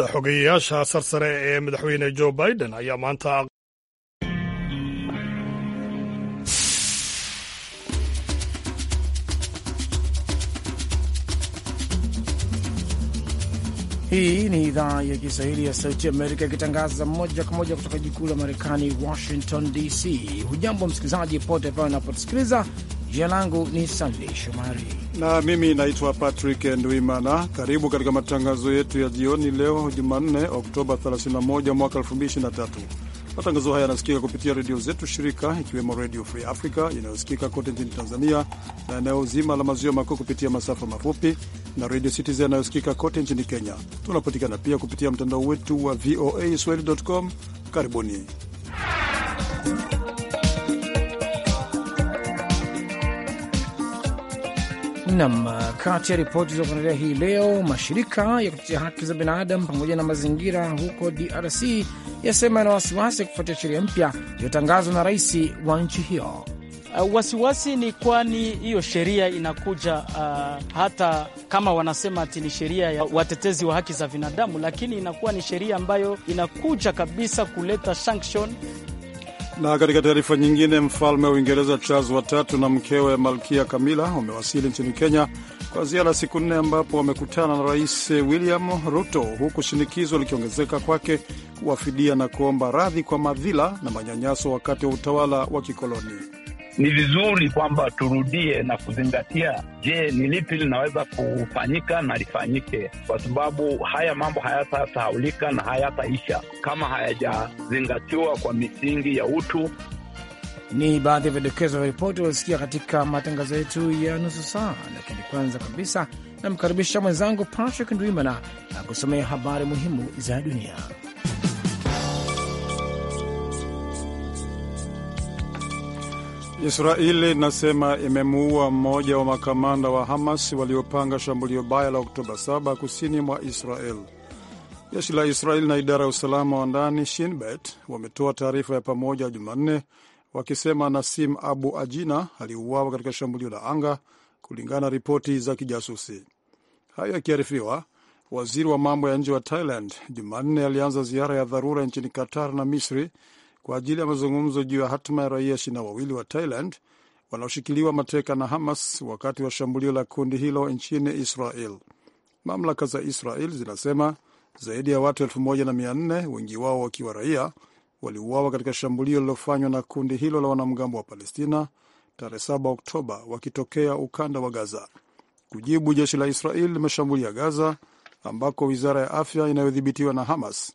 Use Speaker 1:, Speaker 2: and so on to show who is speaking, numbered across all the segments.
Speaker 1: xogeyayaasha sarsare ee madaxweyne jo Biden ayaa maanta
Speaker 2: Hii ni idhaa ya Kiswahili ya Sauti Amerika ikitangaza moja kwa moja kutoka jikuu la Marekani, Washington DC. Hujambo msikilizaji pote pale unapotusikiliza. Jina langu ni Sandey Shomari
Speaker 1: na mimi naitwa Patrick Ndwimana. Karibu katika matangazo yetu ya jioni leo Jumanne, Oktoba 31 mwaka 2023. Matangazo haya yanasikika kupitia redio zetu shirika, ikiwemo Redio Free Africa inayosikika kote nchini Tanzania na eneo zima la maziwa makuu kupitia masafa mafupi na Redio Citizen inayosikika kote nchini Kenya. Tunapatikana pia kupitia mtandao wetu wa VOA Swahili.com. Karibuni.
Speaker 2: Nam, kati ya ripoti kuendelea hii leo, mashirika ya kutetea haki za binadamu pamoja na mazingira huko DRC yasema yana wasiwasi kufuatia sheria mpya iliyotangazwa na rais wa nchi hiyo.
Speaker 3: Uh, wasiwasi ni kwani hiyo sheria inakuja uh, hata kama wanasema ati ni sheria ya watetezi wa haki za binadamu, lakini inakuwa ni sheria ambayo inakuja kabisa kuleta sanction
Speaker 1: na katika taarifa nyingine, mfalme wa Uingereza Charles watatu na mkewe Malkia Kamila wamewasili nchini Kenya kwa ziara ya siku nne, ambapo wamekutana na Rais William Ruto, huku shinikizo likiongezeka kwake kuwafidia na kuomba radhi kwa madhila na manyanyaso wakati wa utawala wa kikoloni
Speaker 4: ni vizuri kwamba turudie na kuzingatia, je, ni lipi linaweza kufanyika na lifanyike, kwa sababu haya mambo hayatasahaulika na hayataisha kama hayajazingatiwa kwa misingi ya utu.
Speaker 2: Ni baadhi ya vidokezo vya ripoti waliosikia katika matangazo yetu ya nusu saa, lakini kwanza kabisa namkaribisha mwenzangu Patrick Ndwimana na kusomea habari muhimu
Speaker 1: za dunia. Israeli inasema imemuua mmoja wa makamanda wa Hamas waliopanga shambulio baya la Oktoba 7 kusini mwa Israel. Jeshi la Israeli na idara ya usalama wa ndani shinbet wametoa taarifa ya pamoja Jumanne wakisema Nasim Abu Ajina aliuawa katika shambulio la anga, kulingana na ripoti za kijasusi. Hayo yakiarifiwa, waziri wa mambo ya nje wa Thailand Jumanne alianza ziara ya dharura nchini Qatar na Misri kwa ajili ya mazungumzo juu ya hatima ya raia ishirini na wawili wa Thailand wanaoshikiliwa mateka na Hamas wakati wa shambulio la kundi hilo nchini Israel. Mamlaka za Israel zinasema zaidi ya watu elfu moja na mia nne, wengi wao wakiwa raia, waliuawa katika shambulio lililofanywa na kundi hilo la wanamgambo wa Palestina tarehe 7 Oktoba wakitokea ukanda wa Gaza. Kujibu, jeshi la Israel limeshambulia Gaza ambako wizara ya afya inayodhibitiwa na Hamas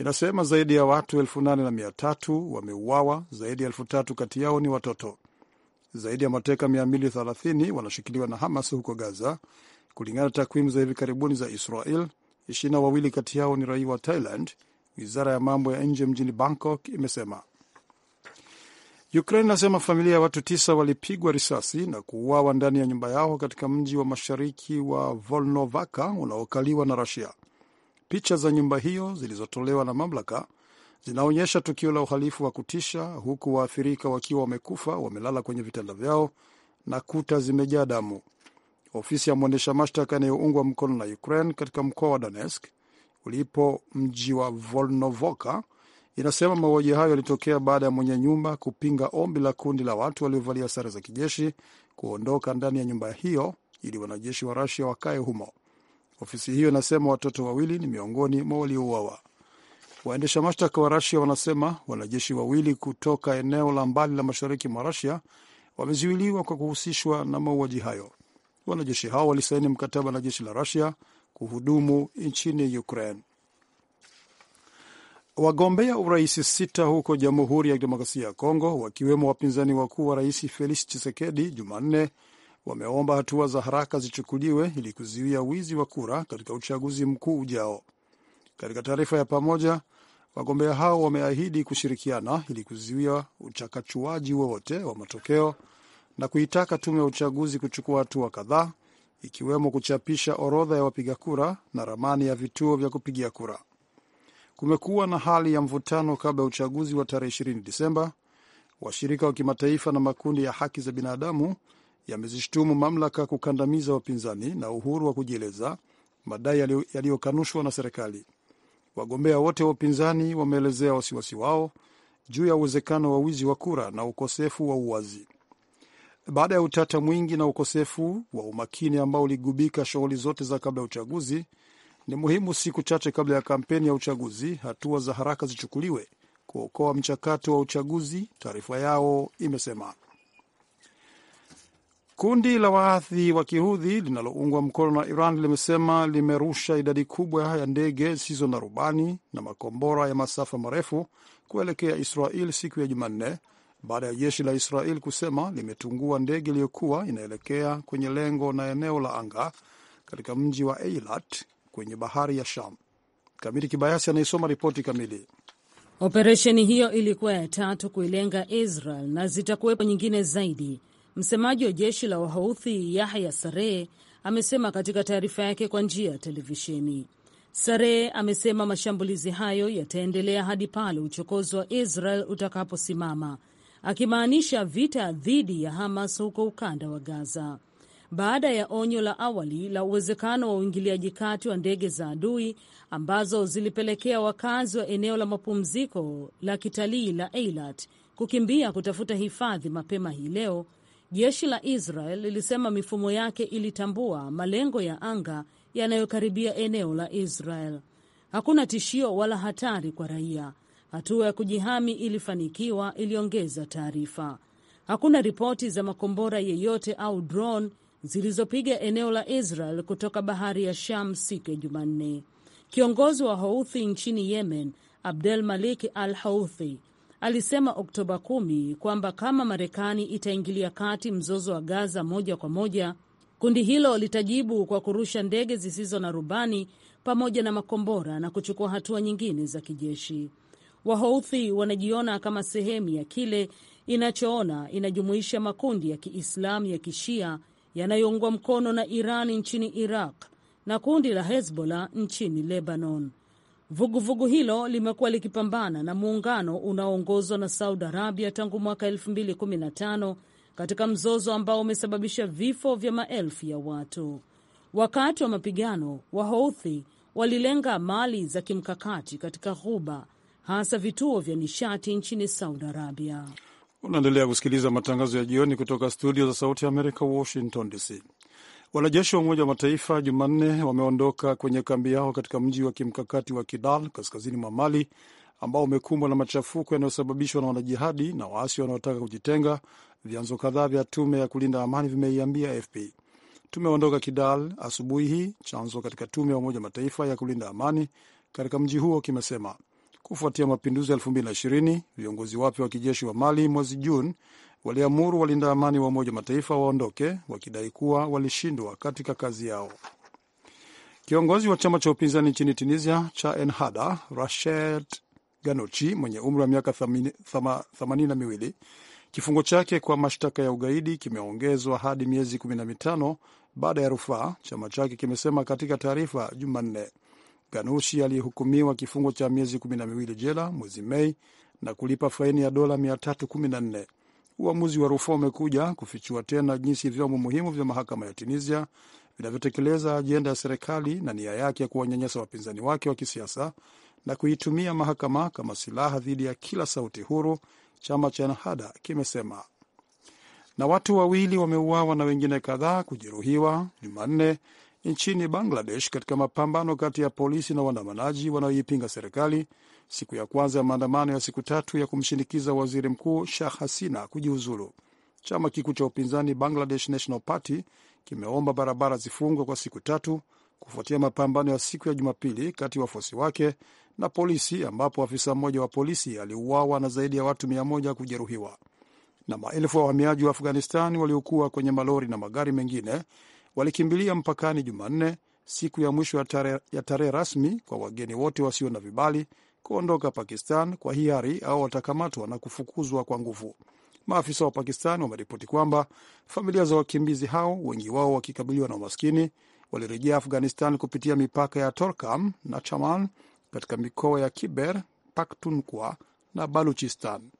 Speaker 1: inasema zaidi ya watu elfu nane na mia tatu wameuawa, zaidi ya elfu tatu kati yao ni watoto. Zaidi ya mateka 230 wanashikiliwa na Hamas huko Gaza, kulingana na takwimu za hivi karibuni za Israel. Ishirini na wawili kati yao ni raia wa Thailand, wizara ya mambo ya nje mjini Bangkok imesema. Ukraine inasema familia ya watu tisa walipigwa risasi na kuuawa ndani ya nyumba yao katika mji wa mashariki wa Volnovaka unaokaliwa na Rusia. Picha za nyumba hiyo zilizotolewa na mamlaka zinaonyesha tukio la uhalifu wa kutisha, huku waathirika wakiwa wamekufa, wamelala kwenye vitanda vyao na kuta zimejaa damu. Ofisi ya mwendesha mashtaka inayoungwa mkono na Ukraine katika mkoa wa Donetsk ulipo mji wa Volnovoka inasema mauaji hayo yalitokea baada ya mwenye nyumba kupinga ombi la kundi la watu waliovalia sare za kijeshi kuondoka ndani ya nyumba hiyo ili wanajeshi wa Rusia wakae humo. Ofisi hiyo inasema watoto wawili ni miongoni mwa waliouawa. Waendesha mashtaka wa Rasia wanasema wanajeshi wawili kutoka eneo la mbali la mashariki mwa Rasia wamezuiliwa kwa kuhusishwa na mauaji hayo. Wanajeshi hao walisaini mkataba na jeshi la Rasia kuhudumu nchini Ukraine. Wagombea urais sita huko Jamhuri ya Kidemokrasia ya Kongo, wakiwemo wapinzani wakuu wa rais Felix chisekedi Jumanne wameomba hatua za haraka zichukuliwe ili kuzuia wizi wa kura katika uchaguzi mkuu ujao. Katika taarifa ya pamoja, wagombea hao wameahidi kushirikiana ili kuzuia uchakachuaji wowote wa matokeo na kuitaka tume ya uchaguzi kuchukua hatua kadhaa, ikiwemo kuchapisha orodha ya wapiga kura na ramani ya vituo vya kupigia kura. Kumekuwa na hali ya mvutano kabla ya uchaguzi wa tarehe 20 Disemba. Washirika wa kimataifa na makundi ya haki za binadamu yamezishtumu mamlaka kukandamiza wapinzani na uhuru wa kujieleza, madai yaliyokanushwa na serikali. Wagombea wote wa upinzani wameelezea wasiwasi wao juu ya uwezekano wa wizi wa kura na ukosefu wa uwazi baada ya utata mwingi na ukosefu wa umakini ambao uligubika shughuli zote za kabla ya uchaguzi. Ni muhimu siku chache kabla ya kampeni ya uchaguzi, hatua za haraka zichukuliwe kuokoa mchakato wa uchaguzi, taarifa yao imesema. Kundi la waathi wa kihudhi linaloungwa mkono na Iran limesema limerusha idadi kubwa ya ndege zisizo na rubani na makombora ya masafa marefu kuelekea Israel siku ya Jumanne baada ya jeshi la Israel kusema limetungua ndege iliyokuwa inaelekea kwenye lengo na eneo la anga katika mji wa Eilat kwenye bahari ya Sham. Kamili Kibayasi anaisoma ripoti kamili.
Speaker 5: Operesheni hiyo ilikuwa ya tatu kuilenga Israel na zitakuwepo nyingine zaidi Msemaji wa jeshi la Wahouthi Yahya Saree amesema katika taarifa yake kwa njia ya televisheni. Saree amesema mashambulizi hayo yataendelea hadi pale uchokozi wa Israel utakaposimama, akimaanisha vita dhidi ya Hamas huko ukanda wa Gaza. Baada ya onyo la awali la uwezekano wa uingiliaji kati wa ndege za adui ambazo zilipelekea wakazi wa eneo la mapumziko la kitalii la Eilat kukimbia kutafuta hifadhi mapema hii leo, Jeshi la Israel lilisema mifumo yake ilitambua malengo ya anga yanayokaribia eneo la Israel. Hakuna tishio wala hatari kwa raia. Hatua ya kujihami ilifanikiwa, iliongeza taarifa. Hakuna ripoti za makombora yeyote au drone zilizopiga eneo la Israel kutoka bahari ya Sham siku ya Jumanne. Kiongozi wa Houthi nchini Yemen, Abdel Malik al Houthi, alisema Oktoba 10 kwamba kama Marekani itaingilia kati mzozo wa Gaza moja kwa moja, kundi hilo litajibu kwa kurusha ndege zisizo na rubani pamoja na makombora na kuchukua hatua nyingine za kijeshi. Wahouthi wanajiona kama sehemu ya kile inachoona inajumuisha makundi ya Kiislamu ya Kishia yanayoungwa mkono na Irani nchini Iraq na kundi la Hezbollah nchini Lebanon. Vuguvugu vugu hilo limekuwa likipambana na muungano unaoongozwa na Saudi Arabia tangu mwaka 2015 katika mzozo ambao umesababisha vifo vya maelfu ya watu. Wakati wa mapigano, Wahouthi walilenga mali za kimkakati katika Ghuba, hasa vituo vya nishati nchini Saudi Arabia.
Speaker 1: Unaendelea kusikiliza matangazo ya jioni kutoka studio za Sauti ya Amerika, Washington DC. Wanajeshi wa Umoja wa Mataifa Jumanne wameondoka kwenye kambi yao katika mji wa kimkakati wa Kidal kaskazini mwa Mali ambao umekumbwa na machafuko yanayosababishwa na wanajihadi na waasi wanaotaka kujitenga. Vyanzo kadhaa vya tume ya kulinda amani vimeiambia AFP tumeondoka Kidal asubuhi hii, chanzo katika tume ya Umoja Mataifa ya kulinda amani katika mji huo kimesema. Kufuatia mapinduzi ya 2020 viongozi wapya wa kijeshi wa Mali mwezi Juni waliamuru walinda amani wa Umoja wa Mataifa waondoke wakidai kuwa walishindwa katika kazi yao. Kiongozi wa chama cha upinzani nchini Tunisia cha Ennahda, Rached Ghannouchi, mwenye umri wa miaka themanini na miwili, kifungo chake kwa mashtaka ya ugaidi kimeongezwa hadi miezi kumi na mitano baada ya rufaa, chama chake kimesema katika taarifa Jumanne. Ganushi aliyehukumiwa kifungo cha miezi kumi na miwili jela mwezi Mei na kulipa faini ya dola 314. Uamuzi wa rufaa umekuja kufichua tena jinsi vyombo muhimu vya mahakama ya Tunisia vinavyotekeleza ajenda ya serikali na nia yake ya kuwanyanyasa wapinzani wake wa kisiasa na kuitumia mahakama kama silaha dhidi ya kila sauti huru, chama cha Ennahda kimesema. Na watu wawili wameuawa na wengine kadhaa kujeruhiwa Jumanne nchini Bangladesh katika mapambano kati ya polisi na waandamanaji wanaoipinga serikali siku ya kwanza ya maandamano ya siku tatu ya kumshinikiza waziri mkuu Shah Hasina kujiuzulu. Chama kikuu cha upinzani Bangladesh National Party kimeomba barabara zifungwe kwa siku tatu kufuatia mapambano ya siku ya Jumapili kati ya wafuasi wake na polisi, ambapo afisa mmoja wa polisi aliuawa na zaidi ya watu mia moja kujeruhiwa. Na maelfu ya wahamiaji wa Afghanistan waliokuwa kwenye malori na magari mengine walikimbilia mpakani Jumanne, siku ya mwisho ya tarehe rasmi kwa wageni wote wasio na vibali kuondoka Pakistan kwa hiari au watakamatwa na kufukuzwa kwa nguvu. Maafisa wa Pakistan wameripoti kwamba familia za wakimbizi hao, wengi wao wakikabiliwa na umaskini, walirejea Afghanistan kupitia mipaka ya Torkam na Chaman katika mikoa ya Kiber, Paktunkwa na Baluchistan.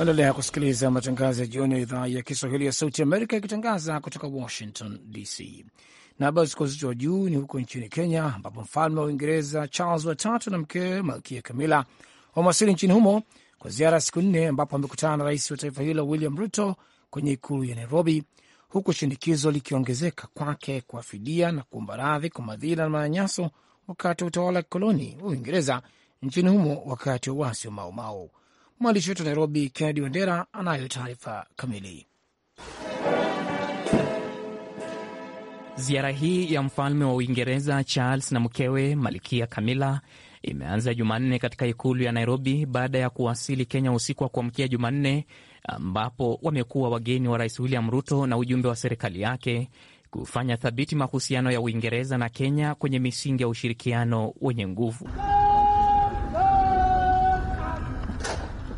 Speaker 2: Waendelea kusikiliza matangazo ya jioni ya idhaa ya Kiswahili ya Sauti Amerika ikitangaza kutoka Washington DC. Na habari zikuwa uzito wa juu ni huko nchini Kenya, ambapo mfalme wa Uingereza Charles watatu na mkewe Malkia Kamila wamewasili nchini humo kwa ziara ya siku nne, ambapo amekutana na rais wa taifa hilo William Ruto kwenye ikulu ya Nairobi, huku shinikizo likiongezeka kwake kwa fidia na kuomba radhi kwa madhila na manyanyaso wakati wa utawala wa kikoloni wa Uingereza nchini humo wakati wa uasi wa Maumau. Mwandishi wetu wa Nairobi, Kennedy Wandera, anayo taarifa kamili.
Speaker 6: Ziara hii ya mfalme wa Uingereza Charles na mkewe Malkia Kamila imeanza Jumanne katika ikulu ya Nairobi baada ya kuwasili Kenya usiku wa kuamkia Jumanne, ambapo wamekuwa wageni wa Rais William Ruto na ujumbe wa serikali yake kufanya thabiti mahusiano ya Uingereza na Kenya kwenye misingi ya ushirikiano wenye nguvu.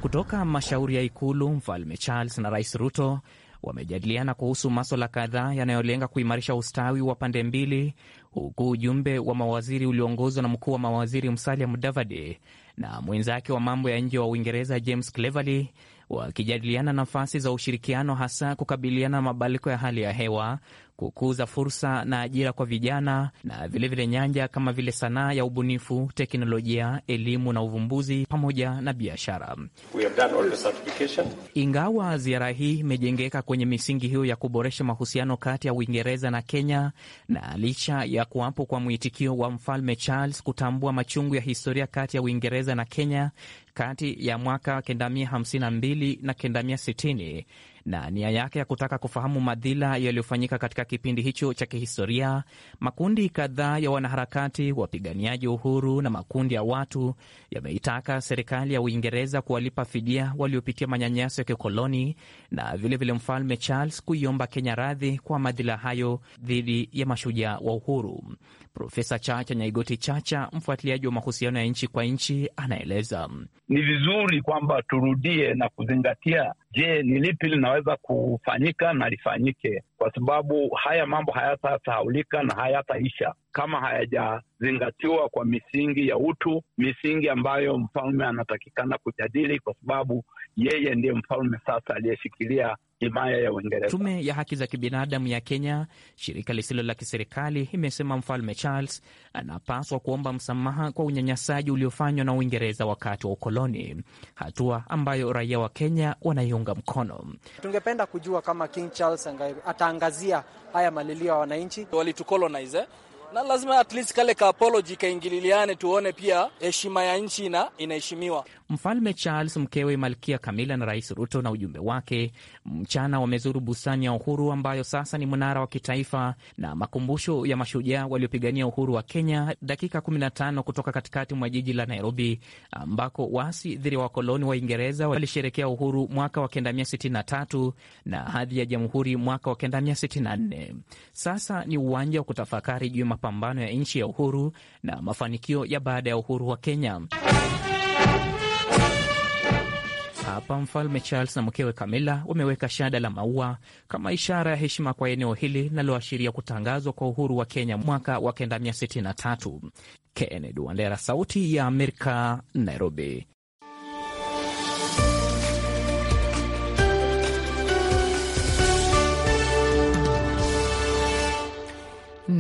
Speaker 6: Kutoka mashauri ya Ikulu, Mfalme Charles na Rais Ruto wamejadiliana kuhusu maswala kadhaa yanayolenga kuimarisha ustawi wa pande mbili, huku ujumbe wa mawaziri ulioongozwa na mkuu wa mawaziri Musalia Mudavadi na mwenzake wa mambo ya nje wa Uingereza James Cleverly wakijadiliana nafasi za ushirikiano, hasa kukabiliana na mabadiliko ya hali ya hewa, kukuza fursa na ajira kwa vijana na vilevile vile nyanja kama vile sanaa ya ubunifu, teknolojia, elimu na uvumbuzi pamoja na biashara. Ingawa ziara hii imejengeka kwenye misingi hiyo ya kuboresha mahusiano kati ya Uingereza na Kenya, na licha ya kuwapo kwa mwitikio wa Mfalme Charles kutambua machungu ya historia kati ya Uingereza na Kenya kati ya mwaka 1952 na 1960 na nia yake ya kutaka kufahamu madhila yaliyofanyika katika kipindi hicho cha kihistoria. Makundi kadhaa ya wanaharakati, wapiganiaji uhuru na makundi ya watu yameitaka serikali ya Uingereza kuwalipa fidia waliopitia manyanyaso ya kikoloni na vilevile vile Mfalme Charles kuiomba Kenya radhi kwa madhila hayo dhidi ya mashujaa wa uhuru. Profesa Chacha Nyaigoti Chacha, mfuatiliaji wa mahusiano ya nchi kwa nchi, anaeleza
Speaker 1: ni vizuri
Speaker 4: kwamba turudie na kuzingatia je, ni lipi linaweza kufanyika na lifanyike, kwa sababu haya mambo hayatasahaulika na hayataisha kama hayajazingatiwa kwa misingi ya utu, misingi ambayo mfalme anatakikana kujadili, kwa sababu yeye ndiye mfalme sasa aliyeshikilia himaya ya Uingereza. Tume ya haki
Speaker 6: za kibinadamu ya Kenya, shirika lisilo la kiserikali, imesema Mfalme Charles anapaswa kuomba msamaha kwa unyanyasaji uliofanywa na Uingereza wakati wa ukoloni, hatua ambayo raia wa Kenya wanaiunga mkono.
Speaker 2: Tungependa kujua kama King Charles ataangazia haya malilio ya wananchi walitukolonize na lazima at least kale ka
Speaker 4: apology kaingililiane, tuone pia heshima ya nchi na inaheshimiwa.
Speaker 6: Mfalme Charles, mkewe Malkia Kamila na Rais Ruto na ujumbe wake mchana wamezuru bustani ya Uhuru ambayo sasa ni mnara wa kitaifa na makumbusho ya mashujaa waliopigania uhuru wa Kenya, dakika 15 kutoka katikati mwa jiji la Nairobi, ambako waasi dhidi ya wakoloni wa Uingereza walisherekea uhuru mwaka wa 1963 na hadhi ya jamhuri mwaka wa 1964. Sasa ni uwanja wa kutafakari juu ya mapambano ya nchi ya uhuru na mafanikio ya baada ya uhuru wa Kenya. Hapa Mfalme Charles na mkewe Camilla wameweka shada la maua kama ishara ya heshima kwa eneo hili linaloashiria kutangazwa kwa uhuru wa Kenya mwaka wa 1963. Kennedy Wandera, Sauti ya Amerika, Nairobi.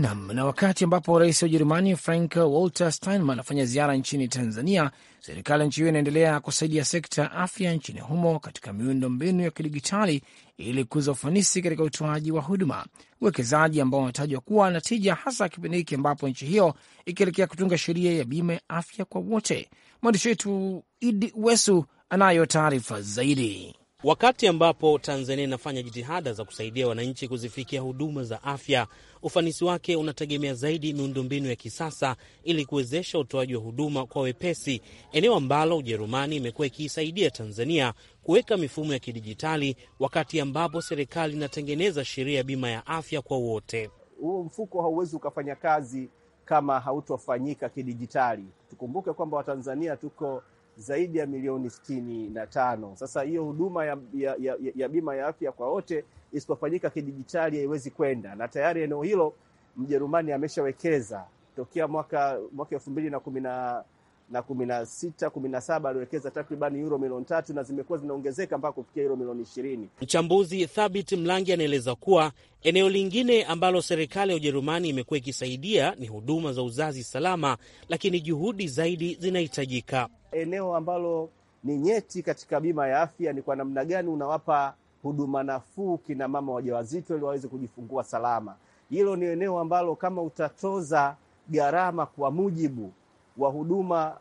Speaker 2: Nam. Na wakati ambapo rais wa Ujerumani Frank Walter Steinmeier anafanya ziara nchini Tanzania, serikali ya nchi hiyo inaendelea kusaidia sekta ya afya nchini humo katika miundo mbinu ya kidigitali ili kuza ufanisi katika utoaji wa huduma, uwekezaji ambao unatajwa kuwa na tija, hasa kipindi hiki ambapo nchi hiyo ikielekea kutunga sheria ya bima ya afya kwa wote. Mwandishi wetu Idi Wesu anayo taarifa zaidi.
Speaker 7: Wakati ambapo Tanzania inafanya jitihada za kusaidia wananchi kuzifikia huduma za afya, ufanisi wake unategemea zaidi miundombinu ya kisasa ili kuwezesha utoaji wa huduma kwa wepesi, eneo ambalo Ujerumani imekuwa ikiisaidia Tanzania kuweka mifumo ya kidijitali, wakati ambapo serikali inatengeneza
Speaker 4: sheria ya bima ya afya kwa wote. Huo mfuko hauwezi ukafanya kazi kama hautofanyika kidijitali. Tukumbuke kwamba Watanzania tuko zaidi ya milioni sitini na tano. Sasa hiyo huduma ya, ya, ya, ya bima ya afya kwa wote isipofanyika kidijitali haiwezi kwenda, na tayari eneo hilo Mjerumani ameshawekeza tokea mwaka mwaka elfu mbili na kumi na na kumi na sita kumi na saba aliwekeza takriban euro milioni tatu na zimekuwa zinaongezeka mpaka kufikia euro milioni ishirini.
Speaker 7: Mchambuzi Thabit Mlangi anaeleza kuwa eneo lingine ambalo serikali ya Ujerumani imekuwa ikisaidia ni huduma za uzazi salama, lakini juhudi zaidi zinahitajika.
Speaker 4: Eneo ambalo ni nyeti katika bima ya afya ni kwa namna gani unawapa huduma nafuu kina mama wajawazito ili waweze kujifungua salama. Hilo ni eneo ambalo kama utatoza gharama kwa mujibu wa huduma,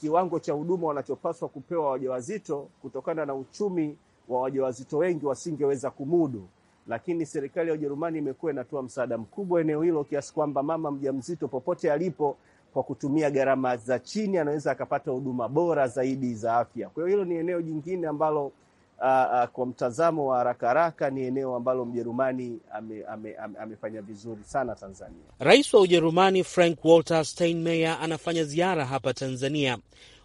Speaker 4: kiwango cha huduma wanachopaswa kupewa wajawazito, kutokana na uchumi wa wajawazito wengi wasingeweza kumudu. Lakini serikali ya Ujerumani imekuwa inatoa msaada mkubwa eneo hilo, kiasi kwamba mama mjamzito popote alipo, kwa kutumia gharama za chini, anaweza akapata huduma bora zaidi za afya. Kwa hiyo hilo ni eneo jingine ambalo uh, kwa mtazamo wa haraka haraka ni eneo ambalo Mjerumani amefanya ame, ame, vizuri sana Tanzania.
Speaker 7: Rais wa Ujerumani Frank Walter Steinmeier anafanya ziara hapa Tanzania.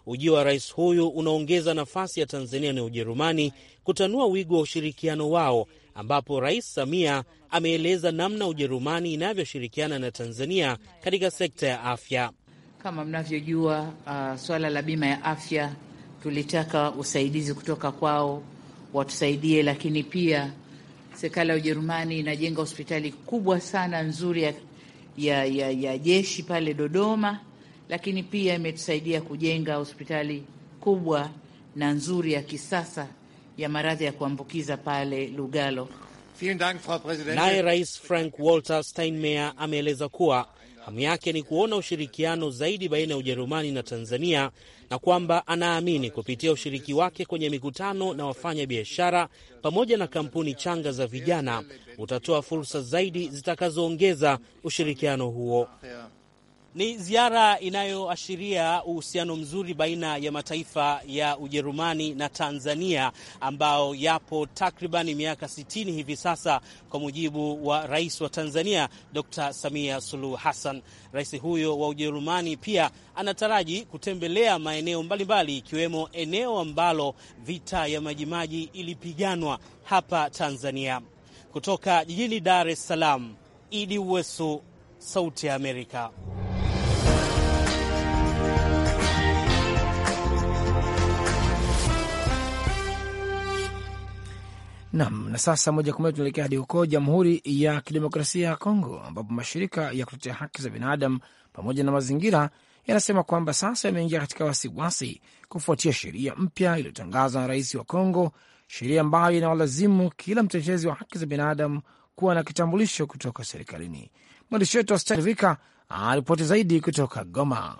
Speaker 7: Ujio wa rais huyu unaongeza nafasi ya Tanzania na Ujerumani kutanua wigo wa ushirikiano wao, ambapo Rais Samia ameeleza namna Ujerumani inavyoshirikiana na Tanzania katika sekta ya afya.
Speaker 5: Kama mnavyojua, uh, swala la bima ya afya tulitaka usaidizi kutoka kwao watusaidie, lakini pia serikali ya Ujerumani inajenga hospitali kubwa sana nzuri ya, ya, ya, ya jeshi pale Dodoma, lakini pia imetusaidia kujenga hospitali kubwa na nzuri ya kisasa ya maradhi ya kuambukiza pale Lugalo.
Speaker 7: Naye Rais Frank Walter Steinmeier ameeleza kuwa Hamu yake ni kuona ushirikiano zaidi baina ya Ujerumani na Tanzania na kwamba anaamini kupitia ushiriki wake kwenye mikutano na wafanya biashara pamoja na kampuni changa za vijana utatoa fursa zaidi zitakazoongeza ushirikiano huo. Ni ziara inayoashiria uhusiano mzuri baina ya mataifa ya Ujerumani na Tanzania ambao yapo takribani miaka 60 hivi sasa, kwa mujibu wa rais wa Tanzania Dr. Samia Suluhu Hassan. Rais huyo wa Ujerumani pia anataraji kutembelea maeneo mbalimbali ikiwemo eneo ambalo vita ya Majimaji ilipiganwa hapa Tanzania. Kutoka jijini Dar es Salaam, Idi Uwesu, Sauti ya Amerika.
Speaker 2: Nam, na sasa moja kwa moja tunaelekea hadi huko Jamhuri ya Kidemokrasia ya Kongo, ambapo mashirika ya kutetea haki za binadamu pamoja na mazingira yanasema kwamba sasa yameingia katika wasiwasi kufuatia sheria mpya iliyotangazwa na rais wa Kongo, sheria ambayo inawalazimu kila mtetezi wa haki za binadamu kuwa na kitambulisho kutoka serikalini. Mwandishi wetu Astervika aripoti zaidi kutoka
Speaker 8: Goma.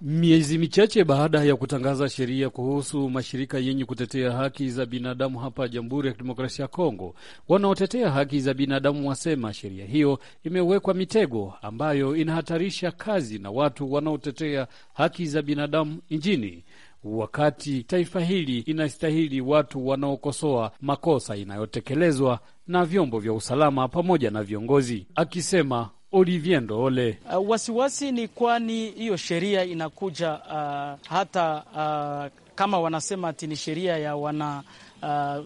Speaker 8: Miezi michache baada ya kutangaza sheria kuhusu mashirika yenye kutetea haki za binadamu hapa Jamhuri ya Kidemokrasia ya Kongo, wanaotetea haki za binadamu wasema sheria hiyo imewekwa mitego ambayo inahatarisha kazi na watu wanaotetea haki za binadamu nchini, wakati taifa hili inastahili watu wanaokosoa makosa inayotekelezwa na vyombo vya usalama pamoja na viongozi, akisema Olivier Ndoole. Uh, ah, wasiwasi ni kwani
Speaker 3: hiyo sheria inakuja uh, hata uh, kama wanasema ati ni sheria ya wana uh,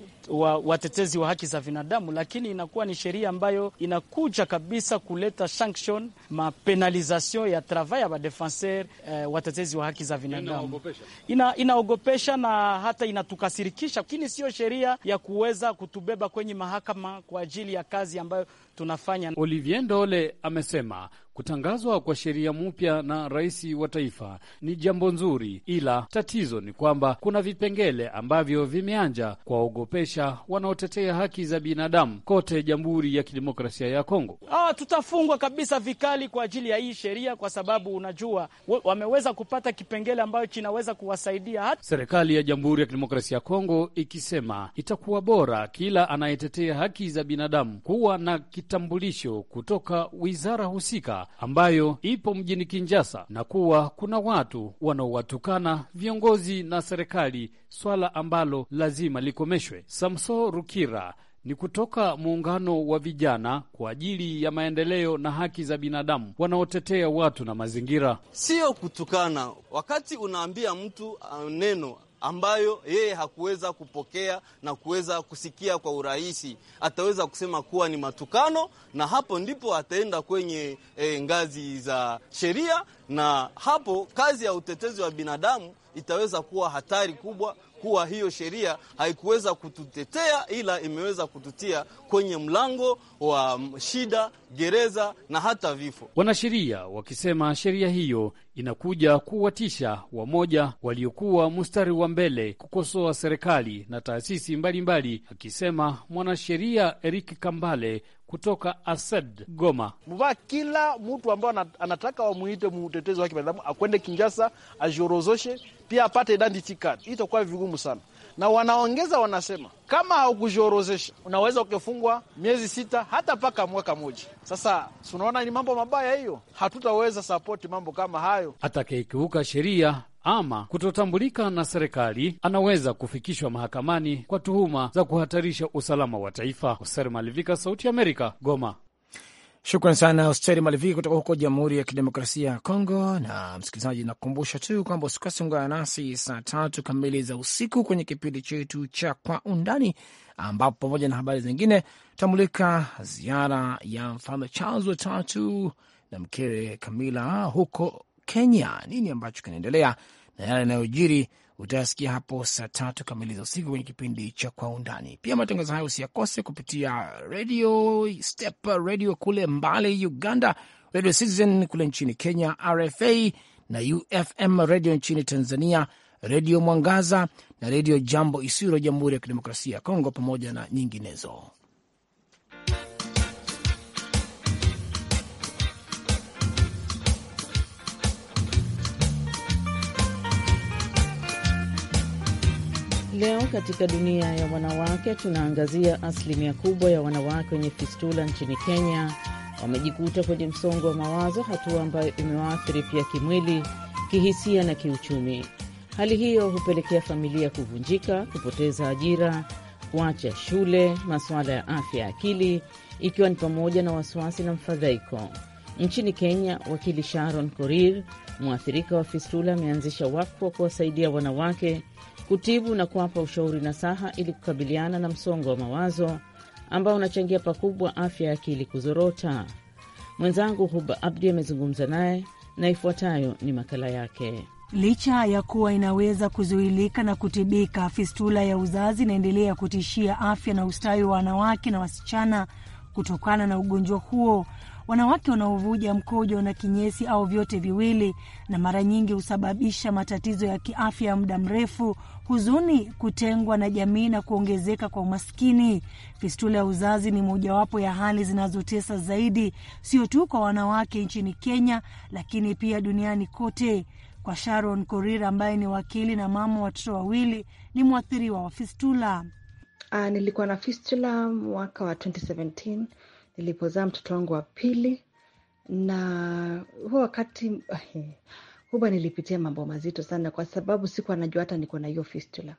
Speaker 3: watetezi wa, haki za binadamu, lakini inakuwa ni sheria ambayo inakuja kabisa kuleta sanction mapenalization ya travail ya badefenseur uh, watetezi wa haki za binadamu. Ina, inaogopesha na hata inatukasirikisha, lakini sio sheria ya kuweza kutubeba kwenye mahakama kwa ajili ya kazi
Speaker 8: ambayo tunafanya. Olivier Ndole amesema Kutangazwa kwa sheria mpya na rais wa taifa ni jambo nzuri, ila tatizo ni kwamba kuna vipengele ambavyo vimeanja kuwaogopesha wanaotetea haki za binadamu kote Jamhuri ya Kidemokrasia ya Kongo.
Speaker 3: Ah, tutafungwa kabisa vikali kwa ajili ya hii sheria, kwa sababu unajua wameweza kupata kipengele ambayo kinaweza kuwasaidia hata
Speaker 8: serikali ya Jamhuri ya Kidemokrasia ya Kongo, ikisema itakuwa bora kila anayetetea haki za binadamu kuwa na kitambulisho kutoka wizara husika ambayo ipo mjini kinjasa na kuwa kuna watu wanaowatukana viongozi na serikali, swala ambalo lazima likomeshwe. Samso Rukira ni kutoka muungano wa vijana kwa ajili ya maendeleo na haki za binadamu wanaotetea watu na mazingira. Sio kutukana
Speaker 4: wakati unaambia mtu uh, neno ambayo yeye hakuweza kupokea na kuweza kusikia kwa urahisi, ataweza kusema kuwa ni matukano, na hapo ndipo ataenda kwenye e, ngazi za sheria, na hapo kazi ya utetezi wa binadamu itaweza kuwa hatari kubwa, kuwa hiyo sheria haikuweza kututetea, ila imeweza kututia kwenye mlango wa shida, gereza na hata vifo.
Speaker 8: Wanasheria wakisema sheria hiyo inakuja kuwatisha wamoja waliokuwa mstari wa mbele kukosoa serikali na taasisi mbalimbali mbali, akisema mwanasheria Eric Kambale kutoka Ased Goma
Speaker 4: muvaa Kila mtu ambaye anataka wamuite mtetezi wa kibinadamu akwende kinjasa ajiorozoshe, pia apate dandi card. Itakuwa vigumu sana, na wanaongeza wanasema, kama haukujiorozesha unaweza ukifungwa miezi sita hata mpaka mwaka moja. Sasa tunaona ni mambo mabaya hiyo, hatutaweza sapoti mambo kama
Speaker 8: hayo. Atakayekiuka sheria ama kutotambulika na serikali anaweza kufikishwa mahakamani kwa tuhuma za kuhatarisha usalama wa taifa. Hoser Malivika, Sauti ya Amerika, Goma.
Speaker 2: Shukran sana Hosteri malivika kutoka huko Jamhuri ya Kidemokrasia ya Kongo. Na msikilizaji, nakukumbusha tu kwamba usikose, ungana nasi saa tatu kamili za usiku kwenye kipindi chetu cha Kwa Undani, ambapo pamoja na habari zingine tutamulika ziara ya Mfalme Charles wa tatu na mkewe Kamila huko Kenya, nini ambacho kinaendelea na yale yanayojiri utayasikia hapo saa tatu kamili za usiku kwenye kipindi cha Kwa Undani. Pia matangazo hayo usiyakose kupitia redio Step redio kule Mbale, Uganda, radio Citizen kule nchini Kenya, RFA na UFM redio nchini Tanzania, redio Mwangaza na redio Jambo Isiro, Jamhuri ya Kidemokrasia ya Kongo, pamoja na nyinginezo.
Speaker 5: Leo katika dunia ya wanawake, tunaangazia asilimia kubwa ya wanawake wenye fistula nchini Kenya wamejikuta kwenye msongo wa mawazo, hatua ambayo imewaathiri pia kimwili, kihisia na kiuchumi. Hali hiyo hupelekea familia kuvunjika, kupoteza ajira, kuacha shule, masuala ya afya ya akili, ikiwa ni pamoja na wasiwasi na mfadhaiko. Nchini Kenya, wakili Sharon Korir, mwathirika wa fistula, ameanzisha wakfu wa kuwasaidia wanawake kutibu na kuwapa ushauri na saha ili kukabiliana na msongo wa mawazo ambao unachangia pakubwa afya ya akili kuzorota. Mwenzangu Huba Abdi amezungumza naye na ifuatayo ni makala yake. Licha ya kuwa inaweza
Speaker 9: kuzuilika na kutibika, fistula ya uzazi inaendelea kutishia afya na ustawi wa wanawake na wasichana kutokana na ugonjwa huo wanawake wanaovuja mkojo na kinyesi au vyote viwili, na mara nyingi husababisha matatizo ya kiafya ya muda mrefu, huzuni, kutengwa na jamii na kuongezeka kwa umaskini. Fistula ya uzazi ni mojawapo ya hali zinazotesa zaidi, sio tu kwa wanawake nchini Kenya, lakini pia duniani kote. Kwa Sharon Korir ambaye ni wakili na mama watoto wawili, ni mwathiriwa
Speaker 10: wa fistula. Uh, nilikuwa na fistula mwaka wa 2017 nilipozaa mtoto wangu wa pili, na huo wakati eh, huba nilipitia mambo mazito sana, kwa sababu sikuwa najua hata niko na hiyo fistula.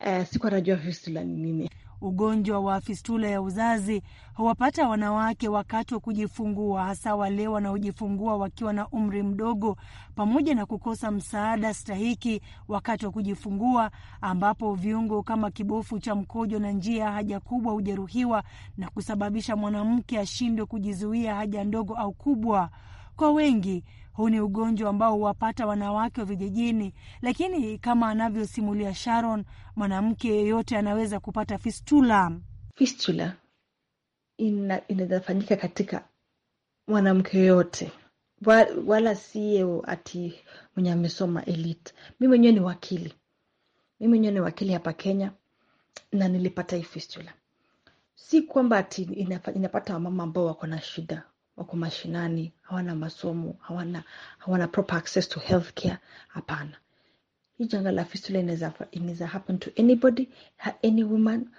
Speaker 10: Uh, sikuwa najua fistula ni nini. Ugonjwa wa fistula ya uzazi huwapata
Speaker 9: wanawake wakati wa kujifungua, hasa wale wanaojifungua wakiwa na umri mdogo, pamoja na kukosa msaada stahiki wakati wa kujifungua, ambapo viungo kama kibofu cha mkojo na njia ya haja kubwa hujeruhiwa na kusababisha mwanamke ashindwe kujizuia haja ndogo au kubwa. Kwa wengi huu ni ugonjwa ambao huwapata wanawake wa vijijini, lakini kama anavyosimulia Sharon, mwanamke yeyote anaweza kupata fistula.
Speaker 10: Fistula inaweza katika mwanamke yoyote, wala siyo ati mwenye amesoma elite. Mi mwenyewe ni wakili, mi mwenyewe ni wakili hapa Kenya na nilipata hii fistula. Si kwamba ati inapata wamama ambao wako na shida wako mashinani, hawana masomo, hawana, hawana proper access to healthcare. Hapana, hii janga la fistula inaweza happen to anybody, any woman,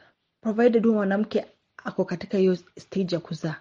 Speaker 10: provided huyo mwanamke ako katika hiyo stage ya kuzaa.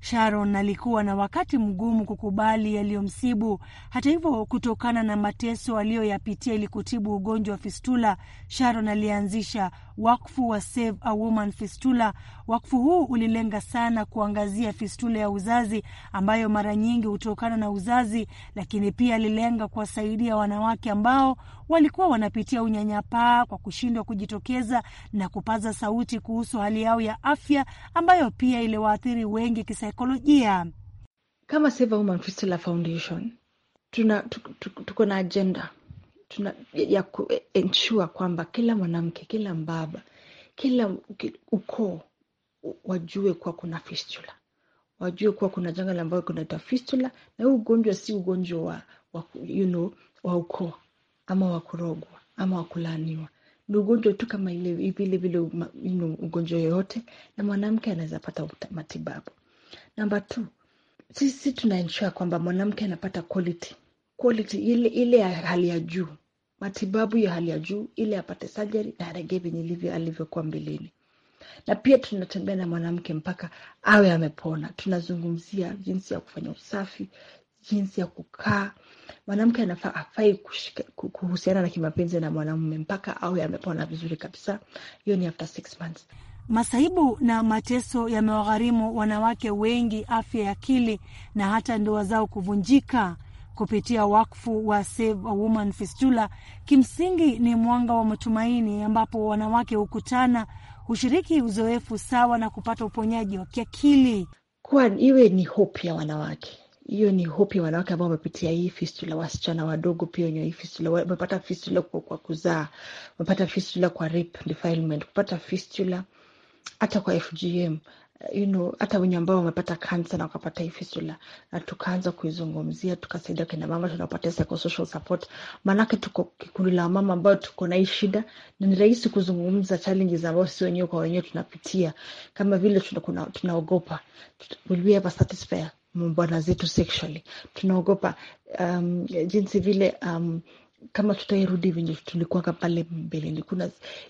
Speaker 10: Sharon alikuwa na wakati mgumu kukubali yaliyomsibu. Hata
Speaker 9: hivyo, kutokana na mateso aliyoyapitia ili kutibu ugonjwa wa fistula, Sharon alianzisha wakfu wa Save a Woman Fistula. Wakfu huu ulilenga sana kuangazia fistula ya uzazi ambayo mara nyingi hutokana na uzazi, lakini pia alilenga kuwasaidia wanawake ambao walikuwa wanapitia unyanyapaa kwa kushindwa kujitokeza na kupaza sauti kuhusu hali yao ya afya ambayo pia iliwaathiri
Speaker 10: wengi kisa kisaikolojia. Kama Save Women Foundation tuna tuko na ajenda tuna, ya kuensure kwamba kila mwanamke, kila mbaba, kila ukoo wajue kuwa kuna fistula, wajue kuwa kuna janga la ambayo kunaitwa fistula, na huu ugonjwa si ugonjwa wa, wa, you know, wa ukoo ama wa kurogwa ama wa kulaaniwa ni ugonjwa tu kama vile vile ugonjwa yoyote, na mwanamke anaweza pata matibabu. Namba two, sisi tunaensure kwamba mwanamke anapata quality quality ile ile ya hali ya juu, matibabu ya hali ya juu, ile apate surgery na aregee venye livyo alivyokuwa mbeleni. Na pia tunatembea na mwanamke mpaka awe amepona. Tunazungumzia jinsi ya kufanya usafi, jinsi ya kukaa. Mwanamke anafaa afai kuhusiana na kimapenzi na mwanamume mpaka awe amepona vizuri kabisa. Hiyo ni after six months. Masaibu na mateso yamewagharimu
Speaker 9: wanawake wengi afya ya akili na hata ndoa zao kuvunjika. Kupitia wakfu wa Save a Woman Fistula, kimsingi ni mwanga wa matumaini, ambapo wanawake hukutana, hushiriki uzoefu sawa na kupata uponyaji wa kiakili.
Speaker 10: Kwa iwe ni hope ya wanawake hiyo ni hope ya wanawake ambao wamepitia hii fistula, wasichana wadogo pia wenye hii fistula wamepata fistula kwa, kuzaa, wamepata fistula kwa rape, defilement, kupata fistula hata kwa FGM you know, hata wenye ambao wamepata kansa na wakapata hii fistula, na tukaanza kuizungumzia, tukasaidia kina mama, tunapata psychosocial support, maanake tuko kikundi la mama ambao tuko na hii shida, na ni rahisi kuzungumza challenges ambao sio wenyewe kwa wenyewe tunapitia, kama vile tunaogopa will we ever satisfy bwana zetu sexually, tunaogopa um, jinsi vile um, kama tutairudi venye tulikuwaka pale mbeleni, kuna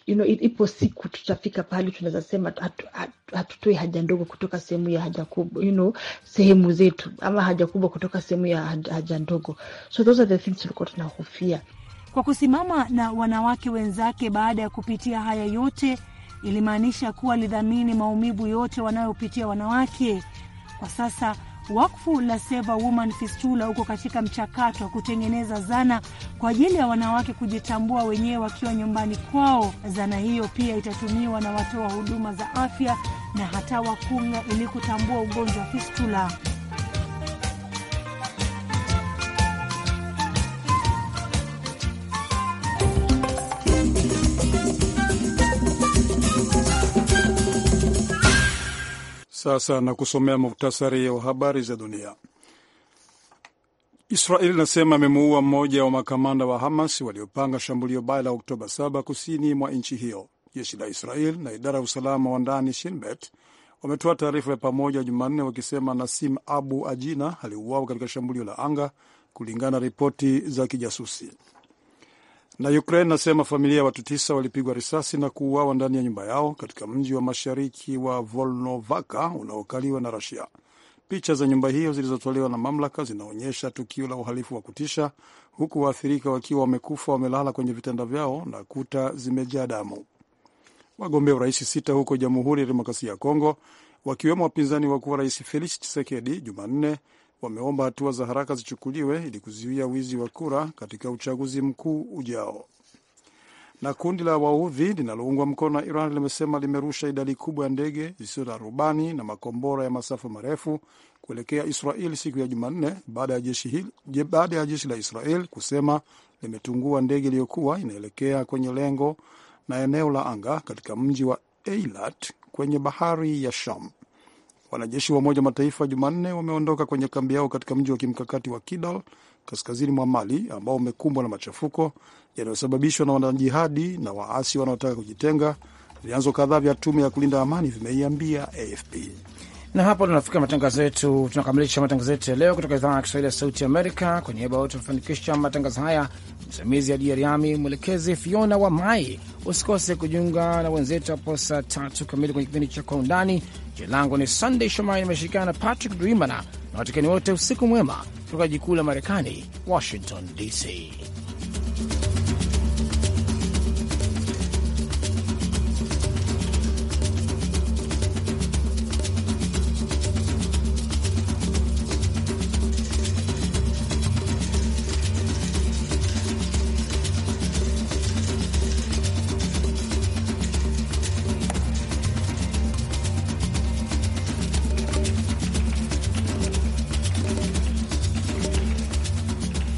Speaker 10: you know, ipo siku tutafika pahali tunaweza sema hatutoi hatu, haja ndogo kutoka sehemu ya haja kubwa you know, sehemu zetu ama haja kubwa kutoka sehemu ya haja ndogo. So those are the things tulikuwa tunahofia.
Speaker 9: Kwa kusimama na wanawake wenzake baada ya kupitia haya yote, ilimaanisha kuwa lidhamini maumivu yote wanayopitia wanawake. Kwa sasa Wakfu la Save a Woman Fistula uko katika mchakato wa kutengeneza zana kwa ajili ya wanawake kujitambua wenyewe wakiwa nyumbani kwao. Zana hiyo pia itatumiwa na watoa huduma za afya na hata wakunga ili kutambua ugonjwa wa fistula.
Speaker 1: Sasa na kusomea muhtasari wa habari za dunia. Israel inasema amemuua mmoja wa makamanda wa Hamas waliopanga shambulio baya la Oktoba 7 kusini mwa nchi hiyo. Jeshi la Israel na idara ya usalama wa ndani Shinbet wametoa taarifa ya pamoja Jumanne wakisema Nasim Abu Ajina aliuawa katika shambulio la anga, kulingana na ripoti za kijasusi. Na Ukraine nasema familia ya watu tisa walipigwa risasi na kuuawa ndani ya nyumba yao katika mji wa mashariki wa Volnovaka unaokaliwa na Rusia. Picha za nyumba hiyo zilizotolewa na mamlaka zinaonyesha tukio la uhalifu wa kutisha, huku waathirika wakiwa wamekufa wamelala kwenye vitanda vyao na kuta zimejaa damu. Wagombea urais sita huko Jamhuri ya Demokrasia ya Kongo, wakiwemo wapinzani wakuu wa rais Felix chisekedi Jumanne wameomba hatua za haraka zichukuliwe ili kuzuia wizi wa kura katika uchaguzi mkuu ujao. Na kundi la waudhi linaloungwa mkono na Iran limesema limerusha idadi kubwa ya ndege zisizo na rubani na makombora ya masafa marefu kuelekea Israel siku ya Jumanne baada ya jeshi hili, baada ya jeshi la Israel kusema limetungua ndege iliyokuwa inaelekea kwenye lengo na eneo la anga katika mji wa Eilat kwenye bahari ya Sham. Wanajeshi wa Umoja Mataifa Jumanne wameondoka kwenye kambi yao katika mji wa kimkakati wa Kidal kaskazini mwa Mali ambao umekumbwa na machafuko yanayosababishwa na wanajihadi na waasi wanaotaka kujitenga, vyanzo kadhaa vya tume ya kulinda amani vimeiambia AFP na hapo
Speaker 2: tunafika matangazo yetu, tunakamilisha matangazo yetu ya leo kutoka idhaa ya Kiswahili ya Sauti Amerika. Kwa niaba wote wamefanikisha matangazo haya, msimamizi ya Diariami, mwelekezi Fiona wa Mai. Usikose kujiunga na wenzetu hapo saa tatu kamili kwenye kipindi cha Kwa Undani. Jina langu ni Sandey Shomari, nimeshirikana na Patrick Dwimana na watikani wote, usiku mwema kutoka jikuu la Marekani, Washington DC.